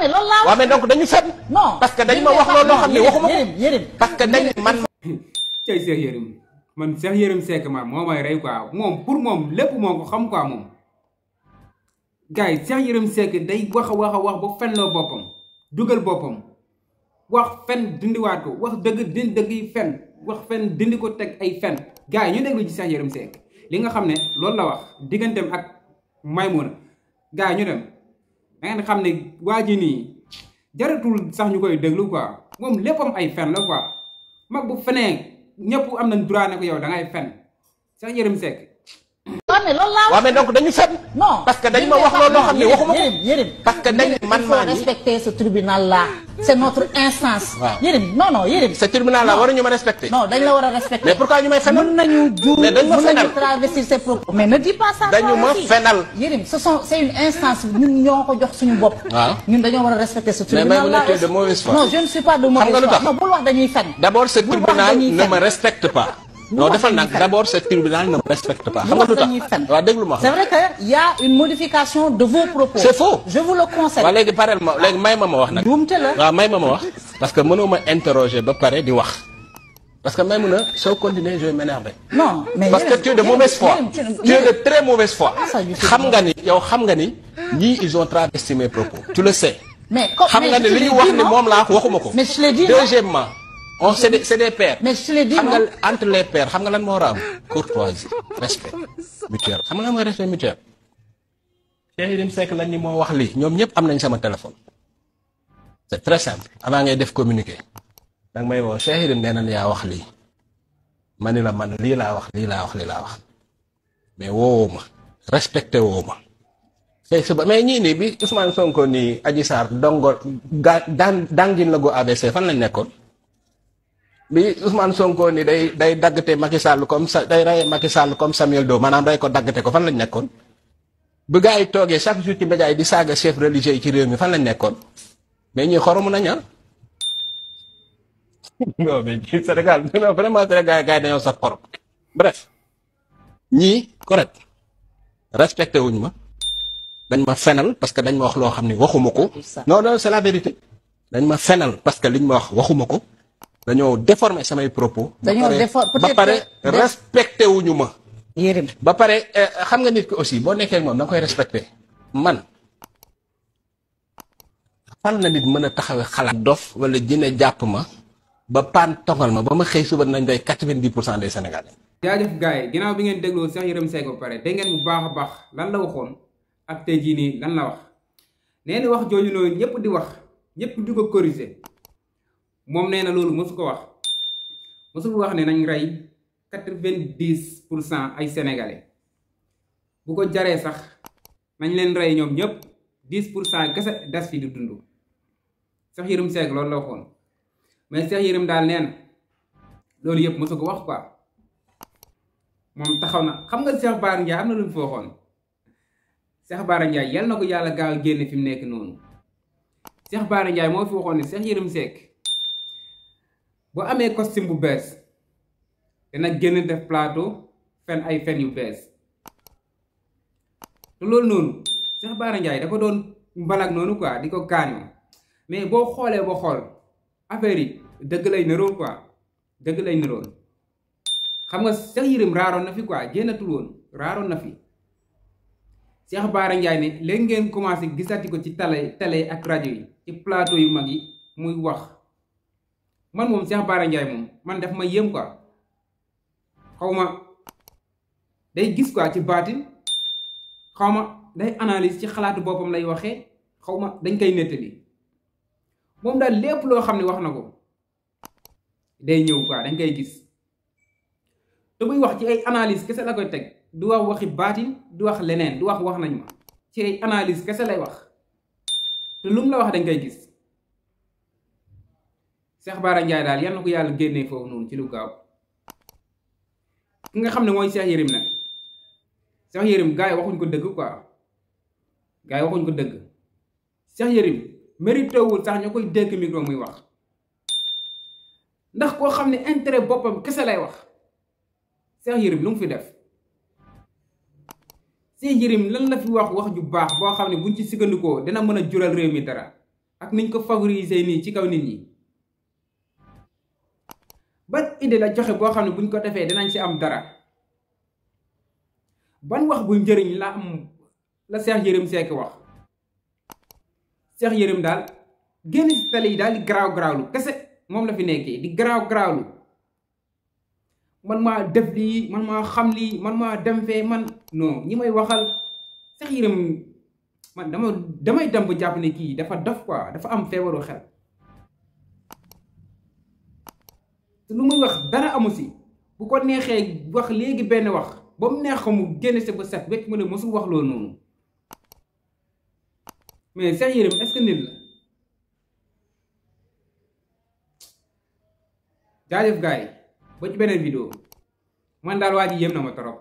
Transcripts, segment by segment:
ne loolu laa. waaw mais donc dañu fen. non parce que dañ ma wax loolu loo xam ne waxuma ko. parce que dañ man. cay Cheikh Yérim man Cheikh Yérim Seck ma moo may rey quoi moom pour moom lépp moo ko xam quoi moom. gars yi Cheikh Yérim Seck day wax a wax a wax ba fenloo boppam dugal boppam wax fen dindiwaat ko wax dëgg dindi dëgg yi fen wax fen dindi ko teg ay fen. gars yi ñu déglu ci Cheikh Yérim Seck li nga xam ne loolu la wax digganteem ak Maimouna gars yi ñu dem. da ngeen xam ne waa ji nii jaratul sax ñu koy déglu quoi moom léppam ay fen la quoi ma bu fenee ñëpp am nañ droit ne ko yow da ngay fen Cheikh Yérim sek waaw mais loolu laa waaw mais donc dañu fenn. non parce que dañ ma wax lo loo xamné waxuma ko. yërim parce que dañ man ma ni respecter ce tribunal là. c'est notre instance. waaw non non yërim. ce tribunal là ñu ma respecter. non dañ la wara a respecter. mais pourquoi ñu may fenal mën nañu juum mën nañu travestir ses propos. mais ne dis pas ça dañu ma fenal. yërim ce sont c'est une instance ñun ñoko jox suñu bopp. ñun dañu wara a respecter ce tribunal là. mais mais de mauvaise foi. non je ne suis pas de mauvaise foi. xam nga lu non bul wax dañuy fenn. d'abord ce tribunal ne me respecte pas non d'abord ce tribunal ne respecte pas. c'est vrai qu'il y a une modification de vos propos. c'est faux je vous le conseille. parce que moi Parce que même je vais m'énerver. Non, Parce que tu es de mauvaise foi. Tu es de très mauvaise foi. ils ont travesti mes propos. Tu le sais. Deuxièmement, on oh, c'est des c'est des pères. mais je l'ai dit xam nga entre les pères xam nga lan moo raam courtoisie respect mutuel xam nga lan mooy respect mutuel. Cheikh Yérim Seck lan ni moo wax lii ñoom ñëpp am nañ sama téléphone. c'est très simple avant ngay def communiqué danga may woo Cheikh Yérim nee na yaa wax lii ma ni la man lii laa wax lii laa wax lii laa wax mais woowoo ma respecté woo ma. tey suba mais ñii bi Ousmane Sonko nii Adji Sarr dongo gaa daan dangin la go ABC fan lañ nekkoon. bi Ousmane Sonko ni day day daggate Macky Sall comme sa day rey Macky Sall comme Samuel Doe maanaam day ko daggate ko fan lañ nekkoon bu gars yi toogee chaque jour ci média yi di saaga chef religieux yi ci réew mi fan lañ nekkoon mais ñuy xoromu nañ ah. non mais Sénégal non dañoo sax xorom bref ñii correct respecté wuñ ma dañ ma fenal parce que dañ ma wax loo xam ne waxuma ko. non non c'est la vérité. dañ ma fenal parce que liñ ma wax waxuma ko. dañoo déformer samay propos. dañoo déformer ba pare respecté wuñu ma. yérim ba pare eh, xam nga nit ki aussi boo nekkee moom da koy respecté man. fan la nit mën a taxawee xalaat dof wala dina jàpp ma ba paan tongal ma ba ma xëy suba nañ doy 90% des sénégalais. jaajëf gars yi ginnaaw bi ngeen dégloo sax Yérim Seck ko pare dégg ngeen bu baax a baax lan la waxoon ak tey jii nii lan la wax nee wax jooju noonu ñëpp di wax ñëpp di ko corriger moom nee na loolu mësu ko wax mësul wax ne nañ rey quatre-vingt-dix pour cent ay sénégalais bu ko jaree sax nañ leen rey ñoom ñëpp dix pour cent kese des fi di dund Cheikh Yérim Seck loolu la waxoon mais Cheikh Yérim daal nee loolu yëpp mësu ko wax quoi moom taxaw na xam nga Cheikh Bara Ndiaye am na lu mu fa waxoon Cheikh Bara Ndiaye yal na ko yàlla gaaw génne fi mu nekk noonu Cheikh Bara Ndiaye moo fi waxoon ne Cheikh Yérim Seck bu amee costume bu bees dina génn def plateau fen ay fen yu bees te loolu noonu Cheikh Bara Ndiaye dafa doon mbalak noonu quoi di ko kaani mais boo xoolee ba xool affaire yi dëgg lay nëroon quoi dëgg lay nëroon xam nga Cheikh Yérim raaroon na fi quoi génnatul woon raaroon na fi Cheikh Bara Ndiaye ne léegi ngeen commencé gisati ko ci tale tale ak rajo yi ci plateau yu mag yi muy wax man moom Cheikh Bara Ndiaye moom man daf ma yéem quoi xaw ma day gis quoi ci baatin xaw ma day analyse ci xalaatu boppam lay waxee xaw ma dañ koy nettali moom daal lépp loo xam ne wax na ko day ñëw quoi dañ koy gis te buy wax ci ay analyse kese la koy teg du wax waxi baatin du wax leneen du wax wax nañ ma ci ay analyse kese lay wax te lu mu la wax dañ koy gis Cheikh Bara Ndiaye daal yal na ko yàlla génne foofu noonu ci lu gaaw ki nga xam ne mooy Cheikh Yérim nag Cheikh Yérim gars yi waxuñ ko dëgg quoi gars yi waxuñ ko dëgg Cheikh Yérim mérité wul sax ñu koy dégg micro muy wax ndax koo xam ne intérêt boppam kese lay wax Cheikh Yérim lu mu fi def Cheikh Yérim lan la fi wax wax ju baax boo xam ne buñ ci sikkandikoo dina mën a jural réew mi dara ak niñ ko favoriser nii ci kaw nit ñi ba indi la joxe bo xamne buñ ko defé dinañ ci am dara ban wax bu njëriñ la am la Cheikh Yérim Seck wax Cheikh Yérim dal génn ci tali dali grau di graw garaawlu kese mom la fi di graw grau man ma def li man ma xam li man ma dem fee man non ñi may waxal Cheikh Yérim man dama damay dem bu ne ki dafa dof quoi dafa am feebaru xel te lu muy wax dara amu si bu ko neexee wax léegi benn wax ba mu neex ko mu génne si ba set wecc mu ne mosul wax loolu noonu mais Cheikh Yérim est-ce que nit la jaajëf gars ba ci beneen vidéo man daal waa ji yéem na ma torop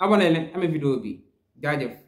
abonné leen amee vidéo bi jaajëf